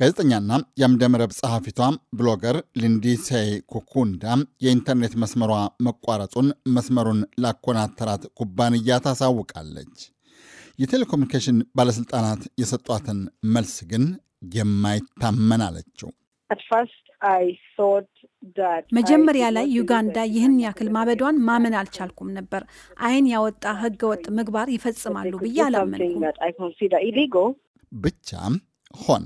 ጋዜጠኛና የአምደምረብ ጸሐፊቷ ብሎገር ሊንዲሴይ ኩኩንዳ የኢንተርኔት መስመሯ መቋረጡን መስመሩን ላኮናተራት ኩባንያ ታሳውቃለች። የቴሌኮሙኒኬሽን ባለሥልጣናት የሰጧትን መልስ ግን የማይታመን አለችው። መጀመሪያ ላይ ዩጋንዳ ይህን ያክል ማበዷን ማመን አልቻልኩም ነበር። አይን ያወጣ ህገወጥ ምግባር ይፈጽማሉ ብዬ አላመንኩም። ብቻ ሆነ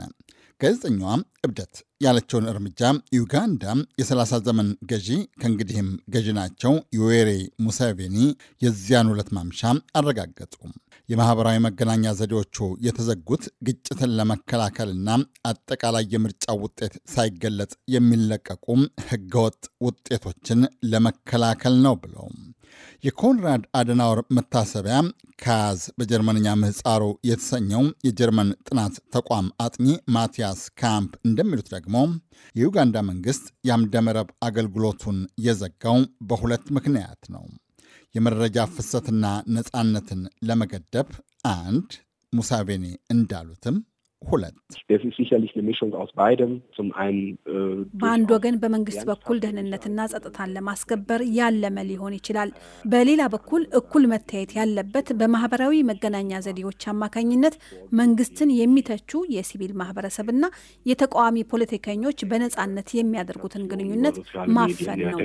ጋዜጠኛዋ እብደት ያለችውን እርምጃ ዩጋንዳ የ30 ዘመን ገዢ ከእንግዲህም ገዢ ናቸው ዩዌሬ ሙሴቬኒ የዚያን ሁለት ማምሻ አረጋገጡ። የማኅበራዊ መገናኛ ዘዴዎቹ የተዘጉት ግጭትን ለመከላከልና አጠቃላይ የምርጫ ውጤት ሳይገለጽ የሚለቀቁ ሕገወጥ ውጤቶችን ለመከላከል ነው ብለው የኮንራድ አደናወር መታሰቢያ ካዝ በጀርመንኛ ምህፃሩ የተሰኘው የጀርመን ጥናት ተቋም አጥኚ ማቲያስ ካምፕ እንደሚሉት ደግሞ የዩጋንዳ መንግስት የአምደመረብ አገልግሎቱን የዘጋው በሁለት ምክንያት ነው። የመረጃ ፍሰትና ነፃነትን ለመገደብ አንድ ሙሳቬኒ እንዳሉትም ሁለት sicherlich eine äh, በአንድ ወገን በመንግስት በኩል ደህንነትና ጸጥታን ለማስከበር ያለመ ሊሆን ይችላል። በሌላ በኩል እኩል መታየት ያለበት በማህበራዊ መገናኛ ዘዴዎች አማካኝነት መንግስትን የሚተቹ የሲቪል ማህበረሰብና የተቃዋሚ ፖለቲከኞች በነጻነት የሚያደርጉትን ግንኙነት ማፈን ነው።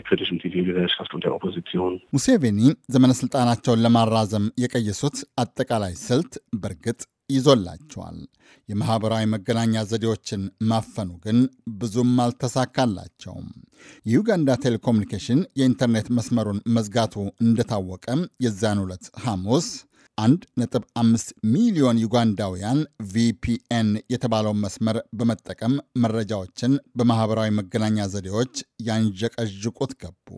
ሙሴቬኒ ዘመነ ስልጣናቸውን ለማራዘም የቀየሱት አጠቃላይ ስልት በእርግጥ ይዞላቸዋል። የማኅበራዊ መገናኛ ዘዴዎችን ማፈኑ ግን ብዙም አልተሳካላቸውም። የዩጋንዳ ቴሌኮሙኒኬሽን የኢንተርኔት መስመሩን መዝጋቱ እንደታወቀ የዚያን ዕለት ሐሙስ 1.5 ሚሊዮን ዩጋንዳውያን ቪፒኤን የተባለውን መስመር በመጠቀም መረጃዎችን በማኅበራዊ መገናኛ ዘዴዎች ያንዠቀዥቁት ገቡ።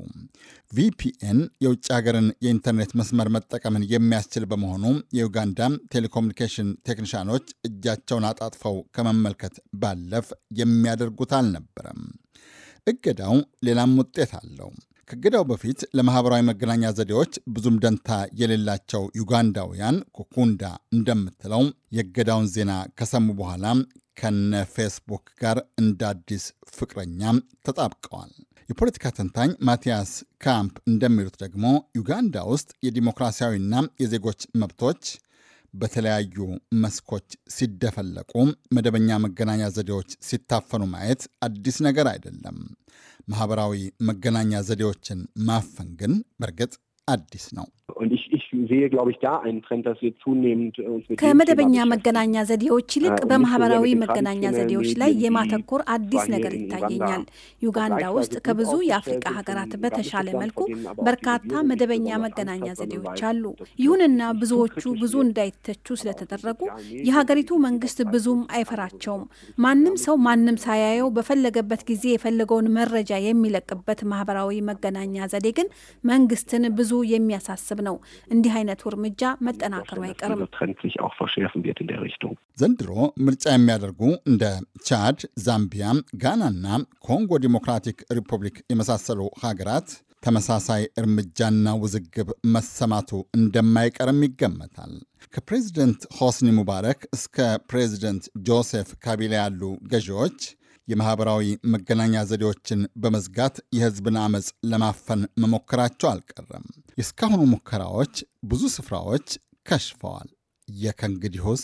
ቪፒኤን የውጭ ሀገርን የኢንተርኔት መስመር መጠቀምን የሚያስችል በመሆኑ የዩጋንዳ ቴሌኮሙኒኬሽን ቴክኒሻኖች እጃቸውን አጣጥፈው ከመመልከት ባለፍ የሚያደርጉት አልነበረም። እገዳው ሌላም ውጤት አለው። ከገዳው በፊት ለማኅበራዊ መገናኛ ዘዴዎች ብዙም ደንታ የሌላቸው ዩጋንዳውያን ኩኩንዳ እንደምትለው የገዳውን ዜና ከሰሙ በኋላ ከነ ፌስቡክ ጋር እንደ አዲስ ፍቅረኛ ተጣብቀዋል። የፖለቲካ ተንታኝ ማቲያስ ካምፕ እንደሚሉት ደግሞ ዩጋንዳ ውስጥ የዲሞክራሲያዊና የዜጎች መብቶች በተለያዩ መስኮች ሲደፈለቁ፣ መደበኛ መገናኛ ዘዴዎች ሲታፈኑ ማየት አዲስ ነገር አይደለም። ማህበራዊ መገናኛ ዘዴዎችን ማፈን ግን በእርግጥ አዲስ ነው። oh, sehe, glaube ich, da einen Trend, dass wir zunehmend äh, uns mit ከመደበኛ መገናኛ ዘዴዎች ይልቅ äh, በማህበራዊ መገናኛ ዘዴዎች ላይ የማተኮር አዲስ ነገር ይታየኛል። ዩጋንዳ ውስጥ ከብዙ የአፍሪቃ ሀገራት በተሻለ መልኩ በርካታ መደበኛ መገናኛ ዘዴዎች አሉ። ይሁንና ብዙዎቹ ብዙ እንዳይተቹ ስለተደረጉ የሀገሪቱ መንግስት ብዙም አይፈራቸውም። ማንም ሰው ማንም ሳያየው በፈለገበት ጊዜ የፈለገውን መረጃ የሚለቅበት ማህበራዊ መገናኛ ዘዴ ግን መንግስትን ብዙ የሚያሳስብ ነው። እንዲህ አይነቱ እርምጃ መጠናከሩ አይቀርም። ዘንድሮ ምርጫ የሚያደርጉ እንደ ቻድ፣ ዛምቢያ፣ ጋናና ኮንጎ ዲሞክራቲክ ሪፐብሊክ የመሳሰሉ ሀገራት ተመሳሳይ እርምጃና ውዝግብ መሰማቱ እንደማይቀርም ይገመታል። ከፕሬዚደንት ሆስኒ ሙባረክ እስከ ፕሬዚደንት ጆሴፍ ካቢላ ያሉ ገዢዎች የማኅበራዊ መገናኛ ዘዴዎችን በመዝጋት የሕዝብን አመፅ ለማፈን መሞከራቸው አልቀረም። የእስካሁኑ ሙከራዎች ብዙ ስፍራዎች ከሽፈዋል። የከእንግዲሁስ